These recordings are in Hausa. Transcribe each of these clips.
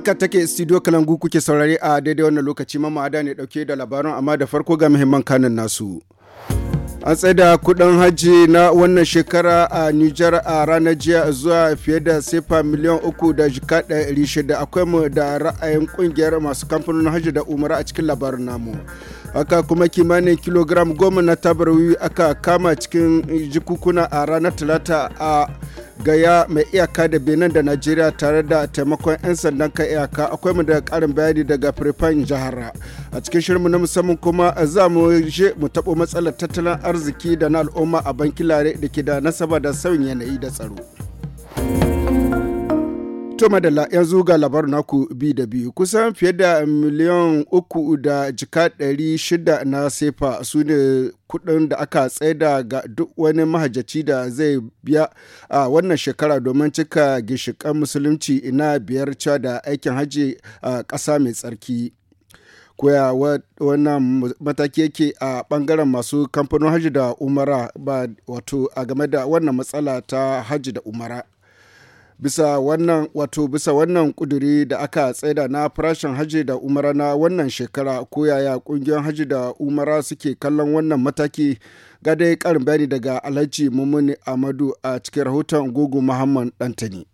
Haka take studio Kalangu kuke saurari a daidai wannan lokaci mamada ne dauke da labarin amma da farko ga muhimman kanin nasu. An da kudin hajji na wannan shekara a Nijar a ranar jiya zuwa fiye da sefa miliyan uku da jika ɗari shida akwai mu da ra'ayin ƙungiyar masu kamfanonin hajji da umara a cikin labarin namu. Aka kuma kimanin kilogram goma na tabar aka kama cikin jikukuna a ranar Talata a gaya mai iyaka da benin da najeriya tare da taimakon 'yan sandan kan iyaka akwai mu da karin bayani daga firfan jihar a cikin shirinmu na musamman kuma za mu je mu tabo matsalar tattalin arziki da na al'umma a bankin lare da ke da nasaba da sauyin yanayi da tsaro. To madalla yanzu ga labar naku bi da biyu kusan fiye da miliyan uku da jika ɗari shida na sefa su ne kuɗin da aka tsaida ga duk wani mahajjaci da zai biya a wannan shekara domin cika gishikan musulunci ina biyar cewa da aikin hajji a ƙasa mai tsarki. koya wannan mataki yake a bangaren masu kamfanin hajji da umara ba wato a game da wannan matsala ta hajji da umara. bisa wannan wato bisa wannan kuduri da aka tsaida na farashin haji da umara na wannan shekara ko yaya kungiyoyin haji da umara suke kallon wannan mataki gadai dai karin bayani daga alhaji mummuni amadu a cikin rahoton gugu muhammad dantani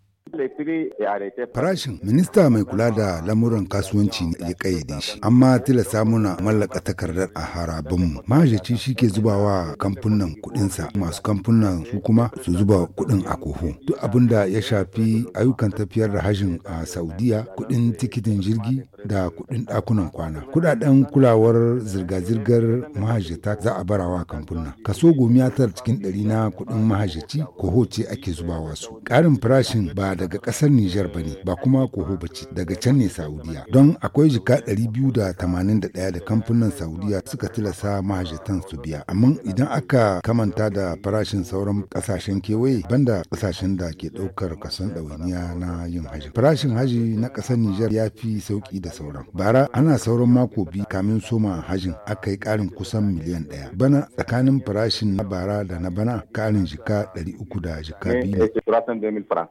Farashin minista mai kula da lamuran kasuwanci ya kayyade shi, amma tilasta muna mallaka takardar a harabinmu. Mahajaci shi ke zuba wa kamfunan kuɗinsa, masu kamfunan su kuma su zuba kuɗin a koho. Duk abin da ya shafi ayyukan tafiyar da hajin a Saudiya, kuɗin tikitin jirgi da kuɗin ɗakunan kwana. Kuɗaɗen kulawar zirga-zirgar mahajata za a barawa kamfunan. Kaso gomiya cikin ɗari na kuɗin mahajaci koho ce ake zubawa su. Ƙarin farashin ba da daga ƙasar Nijar ba ba kuma koho bace daga can ne Saudiya. Don akwai jika 281 da kamfanin Saudiya suka tilasa mahajatan su biya. Amma idan aka kamanta da farashin sauran ƙasashen kewaye banda ƙasashen da ke ɗaukar kason ɗawainiya na yin haji. Farashin haji na ƙasar Nijar ya fi sauƙi da sauran. Bara ana sauran mako biyu kamin soma hajin aka yi ƙarin kusan miliyan ɗaya. Bana tsakanin farashin na bara da na bana ƙarin jika 300 da jika biyu. Eh, eh,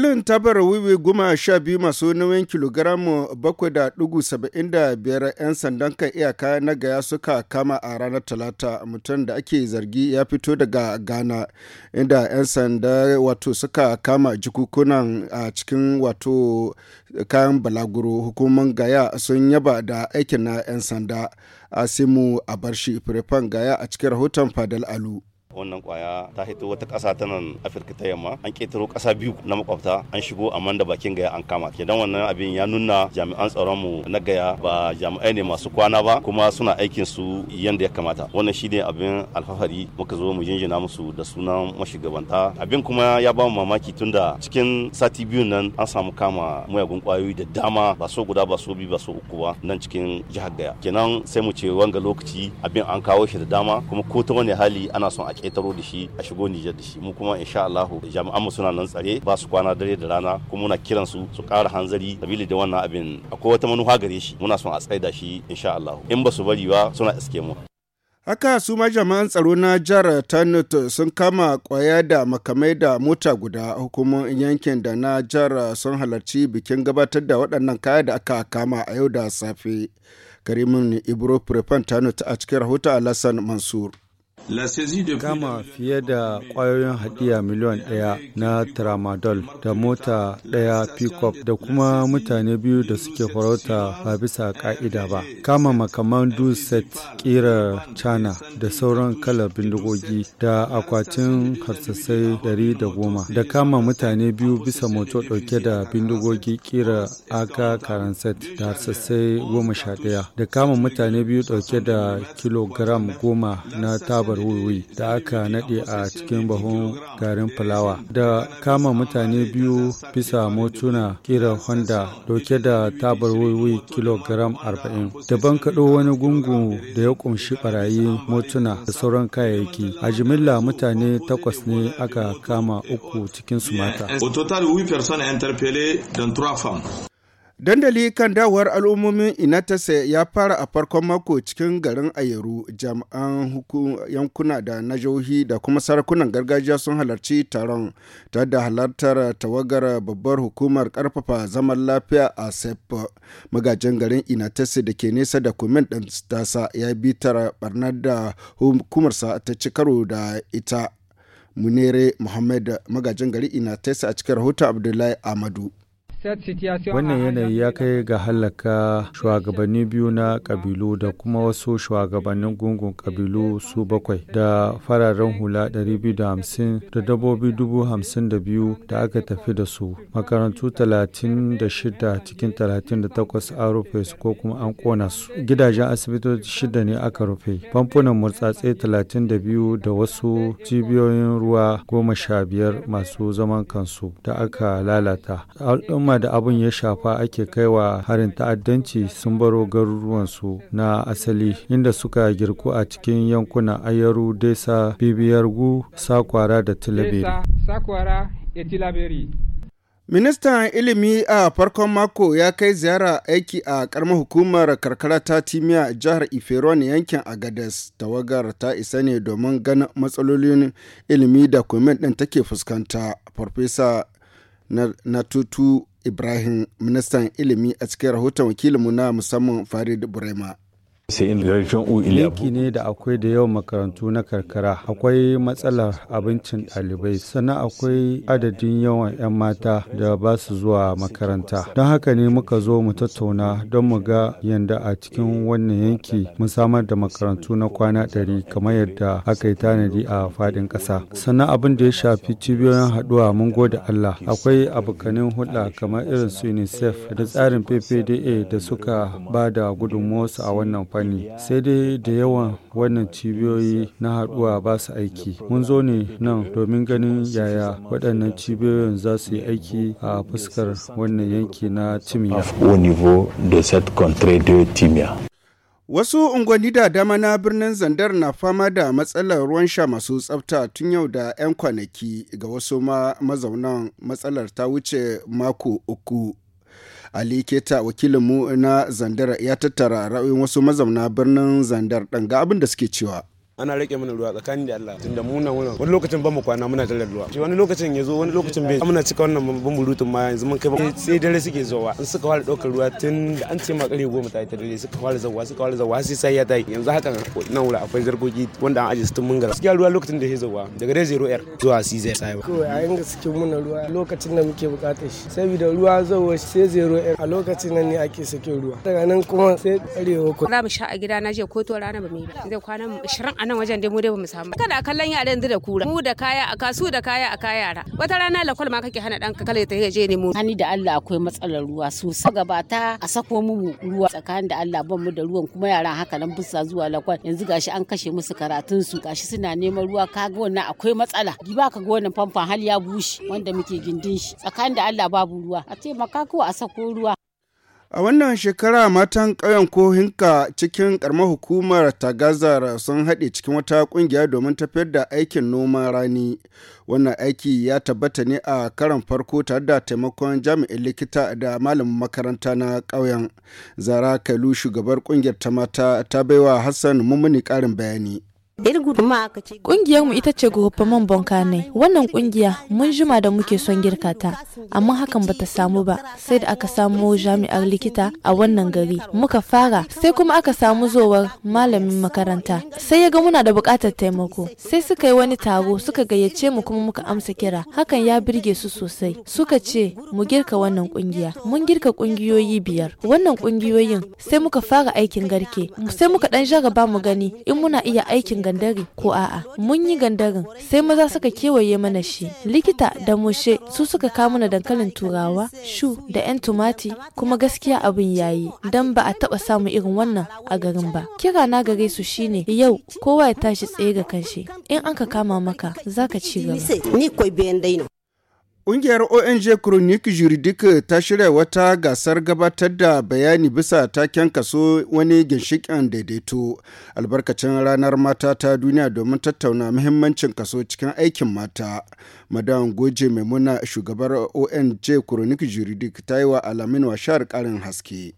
ta tabar wiwi goma sha biyu masu nauyin kilogiramu bakwai da dugu saba'in da biyar 'yan sandan kan iyaka na gaya suka kama a ranar talata mutum da ake zargi ya fito daga ghana inda 'yan sanda wato suka kama jikukunan a cikin wato kayan balaguro hukumar gaya sun yaba da aikin na 'yan sanda asimu abarshi firifan gaya a cikin rahoton fadal alu. wannan kwaya ta hito wata ƙasa ta nan afirka ta yamma an ƙetaro ƙasa biyu na makwabta an shigo a da bakin gaya an kama kenan wannan abin ya nuna jami'an tsaron mu na gaya ba jami'ai ne masu kwana ba kuma suna aikin su yanda ya kamata wannan shine abin alfahari muka zo mu jinjina musu da sunan mashigabanta abin kuma ya ba mu mamaki tunda cikin sati biyu nan an samu kama muyagun kwayoyi da dama ba so guda ba so biyu ba so uku ba nan cikin jihar gaya kenan sai mu ce wanga lokaci abin an kawo shi da dama kuma ko ta wani hali ana son a ƙetaro da shi a shigo Nijar da shi mu kuma insha Allah jami'an suna nan tsare ba su kwana dare da rana kuma muna kiran su su ƙara hanzari sabili da wannan abin akwai wata manufa gare shi muna son a tsaida shi insha Allah in ba su bari ba suna iske mu haka su ma jama'an tsaro na jihar tanut sun kama kwaya da makamai da mota guda hukumomin yankin da na jihar sun halarci bikin gabatar da waɗannan kaya da aka kama a yau da safe karimin ibro prefan tanut a cikin rahoton alassan mansur Kama fiye da ƙwayoyin hadiya miliyan ɗaya na tramadol da mota ɗaya pickup da kuma mutane biyu da suke farauta ba bisa ƙa'ida ba. Kama makaman du-set ƙira China da sauran kalar bindigogi da akwatin harsasai ɗari da goma da kama mutane biyu bisa moto ɗauke da bindigogi ƙira aka karanset da harsasai goma sha ɗaya da kama mutane biyu ɗauke da kilogram goma na tabar wuwi da aka nade a cikin bahon garin fulawa da kama mutane biyu bisa motuna kira honda dauke da tabar wuwi kilogram 40 da kaɗo wani gungu da ya kunshi barayi motuna da sauran kayayyaki a jimilla mutane takwas ne aka kama uku cikin su mata. Dandali kan dawowar al'ummomin Inatase ya fara a farkon mako cikin garin Ayeru jami'an yankuna da na jihohi da kuma sarakunan gargajiya sun halarci taron ta da halartar tawagar babbar hukumar karfafa zaman lafiya a sep magajin garin Inatase da ke nesa da kumin ɗin tasa ya bi tara barnar da hukumarsa ta ci karo da ita. Munere Muhammad magajin garin Inatase a cikin rahoton Abdullahi Amadu. Wannan yanayi ya kai ga halaka shugabanni biyu na kabilu da kuma wasu shugabannin gungun kabilu su bakwai da fararen hula 250 da dabbobi 52 da aka tafi da su. Makarantu 36 cikin 38 an rufe su ko kuma an kona su. Gidajen asibitoci shida ne aka rufe. Famfunan murtsatse 32 da wasu cibiyoyin ruwa 15 masu zaman kansu da aka lalata. al'umma da abin ya shafa ake kaiwa harin ta'addanci sun baro garuruwansu na asali inda suka girku a cikin yankunan ayaru desa bibiyargu sakwara da tilaberi Ministan ilimi a farkon mako ya kai ziyara aiki a karamar hukumar karkara ta Timiya jihar Iferon yankin agadas Tawagar ta isa ne domin ganin matsalolin ilimi da kwamitin ɗin take fuskanta. Farfesa tutu. Ibrahim, ministan ilimi a cikin rahoton wakilinmu na musamman Farid Burema. Yanki ne da akwai da yawan makarantu na karkara, akwai matsalar abincin ɗalibai, sannan akwai adadin yawan 'yan mata da ba su zuwa makaranta. Don haka ne muka zo mu tattauna don mu ga yanda a cikin wannan yanki mu samar da makarantu na kwana ɗari kamar yadda aka yi tanadi a faɗin ƙasa. Sannan abin da ya shafi cibiyoyin haɗuwa mun gode Allah. Akwai abokanin hulɗa kamar irin su UNICEF da tsarin PPDA da suka ba da gudunmuwarsu a wannan sai dai da yawan wannan cibiyoyi na haduwa ba su aiki mun zo ne nan domin ganin yaya waɗannan cibiyoyin za su yi aiki a fuskar wannan yanki na timiya Wasu unguwanni da dama na birnin Zandar na fama da matsalar ruwan sha masu tsafta tun yau da 'yan kwanaki ga wasu ma mazaunan matsalar ta wuce mako uku. Ali Keta wakilinmu na Zandar ya tattara ra'ayoyin wasu mazauna birnin Zandar ɗin ga abin da suke cewa. ana rike mana ruwa tsakanin da Allah tunda mu nan wurin wani lokacin ba mu kwana muna tallar ruwa shi wani lokacin ya zo wani lokacin bai muna cika wannan bambu rutun ma yanzu mun kai ba sai dare suke zuwa in suka fara daukar ruwa tun da an ce ma kare goma ta ita dare suka fara zawa suka fara zawa sai sai ya ta yanzu haka nan wurin akwai zargogi wanda an aje su tun mun gara gaskiya ruwa lokacin da ya zawa daga dai zero air zuwa si zai sai ba kawai a yanga suke muna ruwa lokacin da muke bukatar shi saboda ruwa zawa sai zero air a lokacin nan ne ake sake ruwa daga nan kuma sai karewa ko na mu sha a gida na je ko to rana ba mai zai kwana 20 a nan wajen dai mu dai bamu samu kada kallon yara yanzu da kura mu da kaya a kasu da kaya a kaya yara wata rana lakwal ma kake hana ɗanka kala ta je ne mu hani da Allah akwai matsalar ruwa sosai gabata a sako mu ruwa tsakanin da Allah ban mu da ruwan kuma yara haka nan busa zuwa lakwal yanzu gashi an kashe musu karatun su gashi suna neman ruwa kaga wannan akwai matsala ba ka ga wannan famfan hal ya bushe wanda muke gindin shi tsakanin da Allah babu ruwa a taimaka ko a sako ruwa A wannan shekara matan ƙauyen Kohinka cikin ƙaramar hukumar Tagazar sun haɗe cikin wata ƙungiya domin tafiyar da aikin noman rani. Wannan aiki ya tabbata ne a karan farko tare da taimakon jami'in likita da malamin makaranta na ƙauyen. Zara Kalu shugabar ƙungiyar ta mata ta baiwa Hassan mummuni ƙarin bayani. Ƙungiyarmu ita ce Bonka ne. Wannan ƙungiya mun jima da muke son girka ta, amma hakan bata samu ba sai da aka samo jami'ar likita a wannan gari. Muka fara sai kuma aka samu zowar malamin makaranta. Sai ya ga muna da buƙatar taimako. Sai suka yi wani taro suka gayyace mu kuma muka amsa kira. Hakan ya birge su sosai. Suka ce mu girka wannan ƙungiya. Mun girka ƙungiyoyi biyar. Wannan ƙungiyoyin sai muka fara aikin garke. Sai muka ɗan jaraba mu gani in muna iya aikin gandari ko a'a mun yi gandarin sai maza suka kewaye mana shi likita da moshe su suka kawo mana dankalin turawa shu da 'yan tumati kuma gaskiya abin yayi dan ba a taba samu irin wannan a garin ba kira na gare su shine yau kowa ya tashi tsaye ga kanshi in an ka kama maka zaka ci gaba ni koi Ƙungiyar ONG Chronique Juridique ta shirya wata gasar gabatar da bayani bisa taken kaso wani ginshiƙin daidaito albarkacin ranar mata ta duniya domin tattauna muhimmancin kaso cikin aikin mata. Madan Goje Maimuna shugabar ONG Chronique Juridique ta yi wa Alamin Washar ƙarin haske.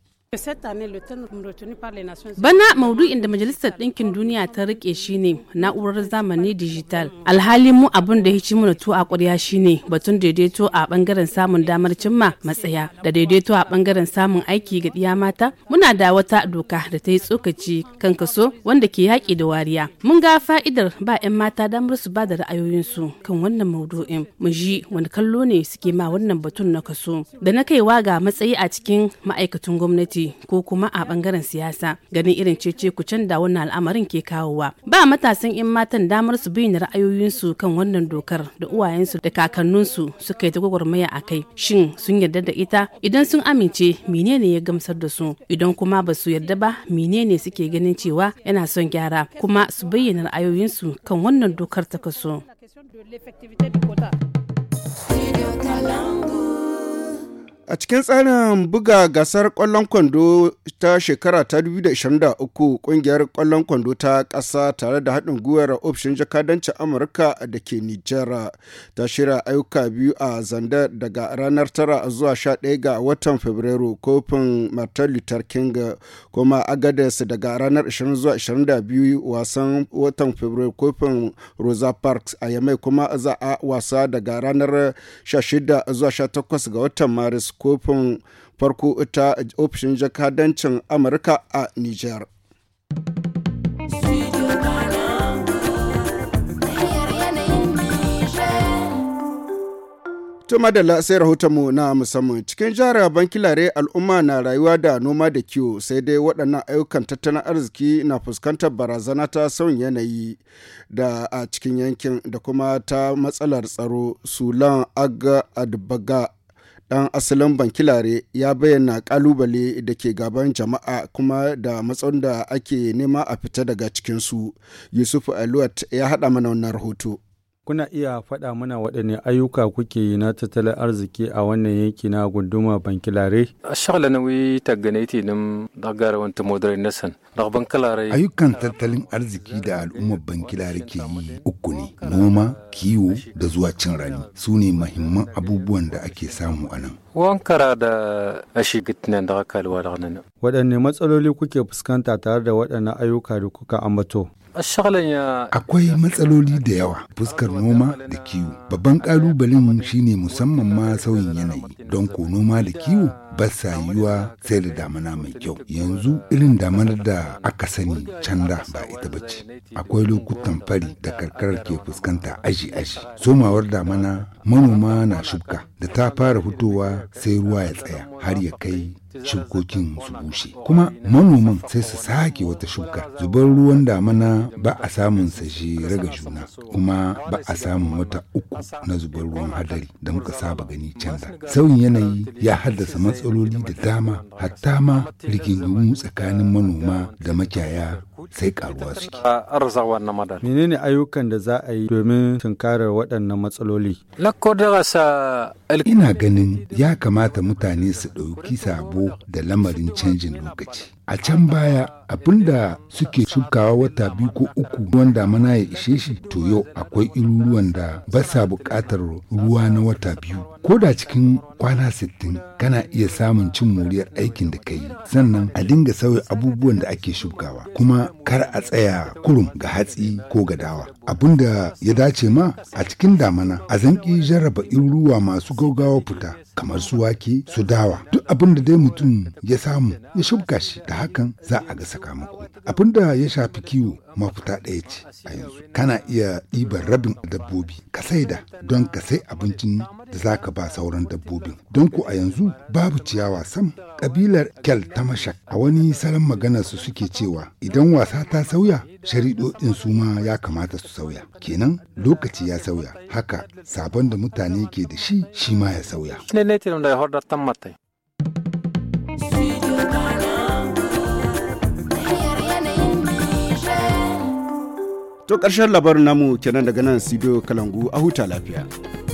Bana maudu'in da Majalisar Ɗinkin Duniya ta rike ne na'urar zamani digital. Alhali mu abin da ya ci mana tuwa a ƙwarya ne batun daidaito a bangaren samun damar cimma matsaya da daidaito a bangaren samun aiki ga ɗiya mata. Muna da wata doka da ta yi tsokaci kan kaso wanda ke yaƙi da wariya. Mun ga fa'idar ba 'yan mata damar su ba da ra'ayoyinsu kan wannan maudu'in. Mu ji wani kallo ne suke ma wannan batun na kaso da na kaiwa ga matsayi a cikin ma'aikatan gwamnati. ko kuma a bangaren siyasa ganin irin cece ku da wannan al'amarin ke kawowa ba matasan yan matan damar su bayyana ra'ayoyinsu kan wannan dokar da uwayensu da kakanninsu suka yi ta gwagwarmaya a kai shin sun yarda da ita idan sun amince menene ya gamsar da su idan kuma ba su yarda ba menene suke ganin cewa yana son gyara kuma su bayyana ra'ayoyinsu kan wannan dokar ta kaso. Studio A cikin tsarin buga gasar ƙwallon kwando ta shekara ta 2023 ƙungiyar ƙwallon kwando ta ƙasa tare da haɗin gwiwar ofishin jakadancin Amurka da ke Nijar ta shirya ayyuka biyu a zanda daga ranar 9 zuwa 11 ga watan Fabrairu kofin Martin Luther King kuma agadas daga ranar 20 zuwa 22 wasan watan Fabrairu kofin Rosa Parks a Yamai kuma za a wasa daga ranar 16 zuwa 18 ga watan Maris kofin farko ta ofishin jakadancin amurka a niger To madalla sai mu na musamman cikin jihar bankilare al'umma na rayuwa da noma da kiwo sai dai waɗannan ayyukan tattalin arziki na fuskantar barazana ta sauyin yanayi da a cikin yankin da kuma ta matsalar tsaro sulan aga adbaga ɗan asalin bankilare ya bayyana kalubale da ke gaban jama'a kuma da matsan da ake nema a fita daga cikinsu yusuf aluwat ya haɗa mana wannan rahoto Kuna iya faɗa mana waɗanne ayyuka kuke yi na tattalin arziki a wannan yanki na gunduma bankilare? Ayyukan tattalin arziki da al'ummar bankilare ke yi uku ne, noma, kiwo da zuwa cin rani su ne mahimman abubuwan da ake samu a nan. Wankara da ashigitnan da aka alwa da Waɗanne matsaloli kuke fuskanta tare da waɗannan ayyuka da kuka ambato? Akwai matsaloli da yawa fuskar noma da kiwo. Babban ƙalubalen shine musamman ma sauyin yanayi don ko noma da kiwo ba sa yiwa sai da damana mai kyau. Yanzu irin damanar da aka sani canza ba ita ba Akwai lokutan fari da karkarar ke fuskanta aji-aji. Somawar damana manoma na shuka da ta fara fitowa sai ruwa ya tsaya har ya kai shukokin su bushe kuma manoman sai su sake wata shuka zubar ruwan damana ba a samun sa shi raga juna kuma ba a samun wata uku na zubar ruwan hadari da muka saba gani canza sauyin yanayi ya haddasa matsaloli da dama hatta ma rigingimu tsakanin manoma da makiyaya sai karuwa suke. Menene ayyukan da za a yi domin tunkarar waɗannan matsaloli? Ina ganin ya kamata mutane su ɗauki sabo da lamarin canjin lokaci. a can baya abinda suke shukawa wata biyu ko uku wanda mana ya ishe shi to yau akwai iruruwan da ba sa buƙatar ruwa na wata biyu ko da cikin kwana sittin kana iya samun cin moriyar aikin da ka yi sannan a dinga sauya abubuwan da ake shukawa kuma kar a tsaya kurum ga hatsi ko ga dawa abin da ya dace ma a cikin damana a zanki jarraba ruwa masu gaugawa fita kamar su wake su dawa duk abin da dai mutum ya samu ya shubka shi da hakan za a ga sakamako abin da ya shafi kiwo mafuta ɗaya ce a yanzu kana iya ɗiban rabin dabbobi ka saida don ka sai abincin da za ka ba sauran dabbobin don ku a yanzu babu ciyawa sam ƙabilar kel ta mashak a wani salon magana su suke cewa idan wasa ta sauya shari'o'in su ma ya kamata su sauya kenan lokaci ya sauya haka sabon da mutane ke da shi shi ma ya sauya To ƙarshen labarin namu kenan daga nan Sido Kalangu a huta lafiya.